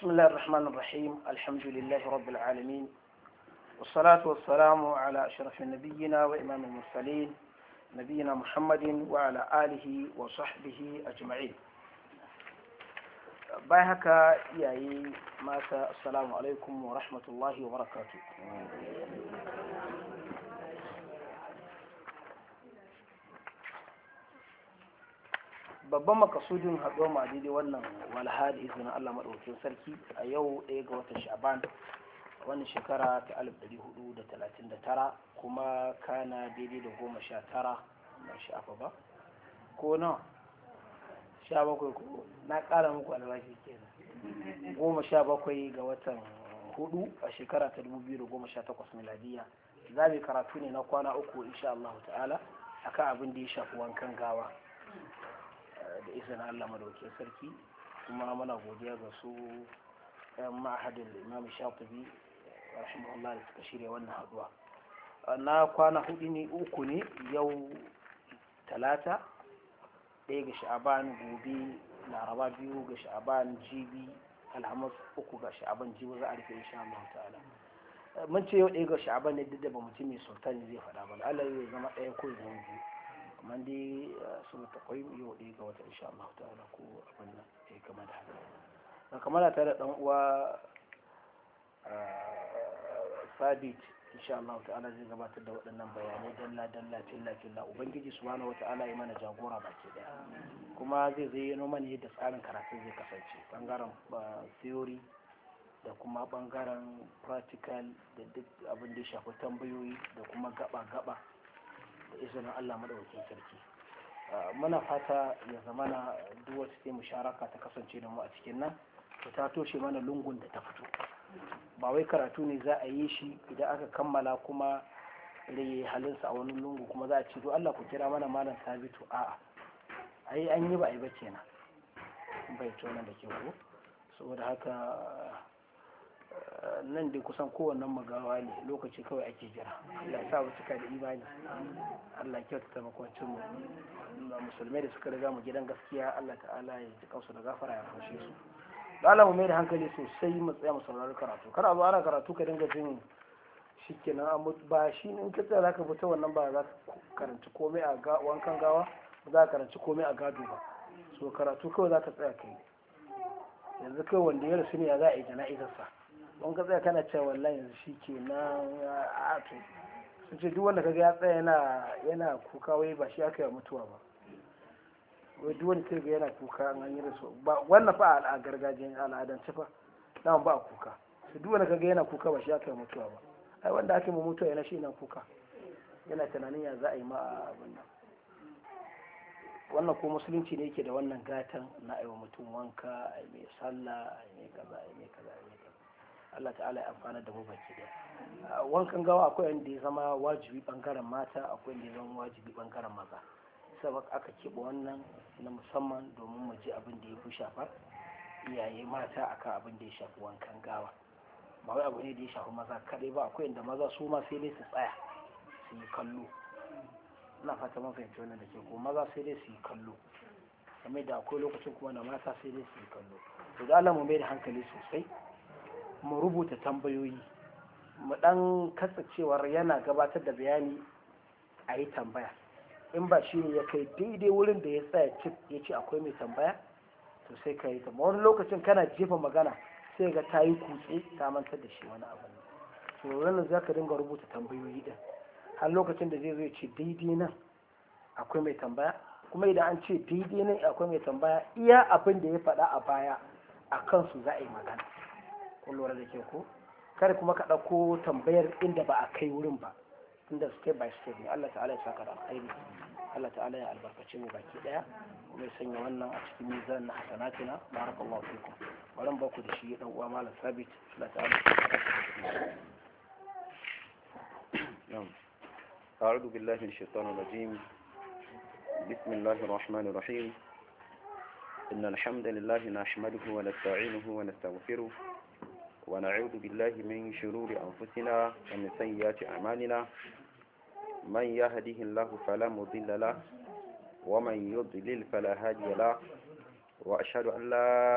بسم الله الرحمن الرحيم الحمد لله رب العالمين والصلاة والسلام على أشرف نبينا وإمام المرسلين نبينا محمد وعلى آله وصحبه أجمعين بايهكا يا ياي ماتا السلام عليكم ورحمة الله وبركاته babban makasudin haɗuwa ma daidai wannan walhali izinin Allah maɗaukin sarki a yau ɗaya ga watan sha'ban wannan shekara ta 1439 kuma kana daidai da goma sha tara na shafa ba ko na sha bakwai ko na ƙara muku albashi kenan goma sha bakwai ga watan hudu a shekara ta 2018 miladiya za mu karatu ne na kwana uku insha Allah ta'ala akan abin da ya shafi wankan gawa da izinin Allah madaukakin sarki kuma muna godiya ga su yan ma'ahadin imam shafi'i rahimahullah da suka shirya wannan haduwa na kwana hudu ne uku ne yau talata ɗaya ga sha'aban gobe laraba biyu ga sha'aban jibi alhamis uku ga sha'aban jibi za a rufe insha Allah ta'ala mun ce yau ɗaya ga sha'aban ne duk da ba mutum mai sultani zai faɗa ba Allah ya zama ɗaya ko zama biyu amma dai sun takwai yau ɗaya ga wata insha Allah ko abin nan ya kama da haka ta da ɗan uwa sabit insha Allah ta'ala zai gabatar da waɗannan bayanai dalla dalla filla filla ubangiji wata wata'ala ya mana jagora baki daya kuma zai zai noma mana yadda tsarin karatu zai kasance bangaren theory da kuma bangaren practical da duk abin da ya shafi tambayoyi da kuma gaba gaba izinin Allah madawakin sarki muna fata ya zamana duk wata musharaka ta kasance da mu a cikin nan to ta toshe mana lungun da ta fito ba wai karatu ne za a yi shi idan aka kammala kuma rage halinsa a wani lungu kuma za a ce Allah ku kira mana malam sabitu a'a ai an yi ba a yi ba kenan bai tona da ke ko saboda haka nan dai kusan kowannen magawa ne lokaci kawai ake jira Allah ya sa mu cika da imani Allah ya kyautata makwacin mu musulmai da suka riga mu gidan gaskiya Allah ta'ala ya ji kausa da gafara ya fashe su Allah mu mai da hankali sosai mu tsaya mu saurari karatu kana zo ana karatu ka dinga jin shikenan amma ba shi in ka tsaya zaka fita wannan ba za ka karanci komai a wankan gawa ba za ka karanci komai a gado ba so karatu kawai za ka tsaya kai yanzu kai wanda ya rasu ne ya za a yi jana'izarsa in ka tsaya kana cewa wallahi yanzu shi ke na ato sun ce duk wanda kaga ya tsaya yana yana kuka wai ba shi aka yi mutuwa ba wai duk wanda ga yana kuka an yi rasu ba wannan fa a gargajiyar al'adance fa dan ba a kuka su duk wanda kaga yana kuka ba shi aka yi mutuwa ba ai wanda ake mu mutuwa yana shi yana kuka yana tunanin ya za a yi ma abin nan wannan ko musulunci ne yake da wannan gatan na aiwa mutum wanka a mai sallah a mai kaza a mai kaza Allah ta'ala ya amfana da mu baki a ah, wankan gawa akwai wanda ya zama wajibi bangaren mata akwai wanda ya zama wajibi bangaren maza sabak aka keɓe wannan na musamman domin mu ji abin da ya fi shafar iyaye mata akan abin da ya shafi wankan gawa ba wai abu ne da ya shafi maza kadai ba akwai inda maza su ma sai dai su tsaya su yi kallo ina fata mun fahimci wannan da ke ko maza sai dai su yi kallo kamar da akwai lokacin kuma da mata sai dai su yi kallo to da Allah mu mai da hankali sosai mu rubuta tambayoyi mu dan katsacewar yana gabatar da bayani a yi tambaya in ba shi ne ya kai daidai wurin da ya tsaya cip ya ce akwai mai tambaya to sai ka yi tambaya wani lokacin kana jefa magana sai ga ta yi kutse ta mantar da shi wani abu to wannan za ka dinga rubuta tambayoyi din har lokacin da zai zo ya ce daidai nan akwai mai tambaya kuma idan an ce daidai nan akwai mai tambaya iya abin da ya faɗa a baya a kansu za a yi magana kun lura da ke ko kar kuma ka ɗauko tambayar inda ba a kai wurin ba inda step by step ne Allah ta'ala ya saka da alkhairi Allah ta'ala ya albarkace mu baki daya kuma ya sanya wannan a cikin mizan na hasanatina barakallahu fikum baran ku da shi dan uwa malam sabit Allah ta'ala أعوذ بالله من الشيطان الرجيم بسم الله الرحمن الرحيم إن الحمد لله نحمده ونستعينه ونستغفره wani a'udu billahi min shiruri anfusina a nisan ya ci amanina manina man ya hadihin lahufala mubilala wa man yi yi dalil falahajiyala allah